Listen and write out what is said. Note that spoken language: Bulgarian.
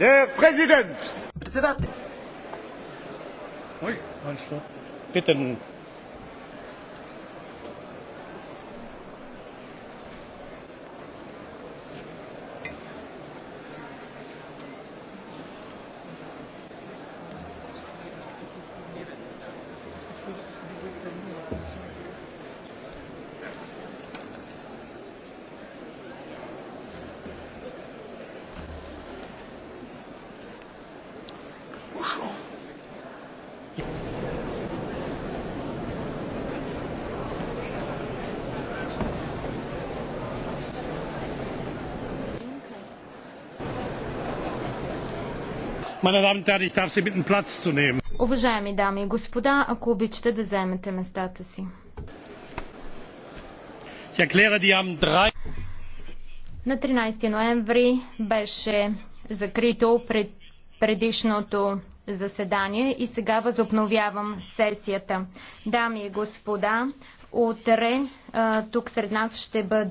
Der Präsident! Председател. Ой, Bitte. Уважаеми дами и господа, ако обичате да заемете местата си. На 13 ноември беше закрито пред предишното заседание и сега възобновявам сесията. Дами и господа, утре тук сред нас ще бъде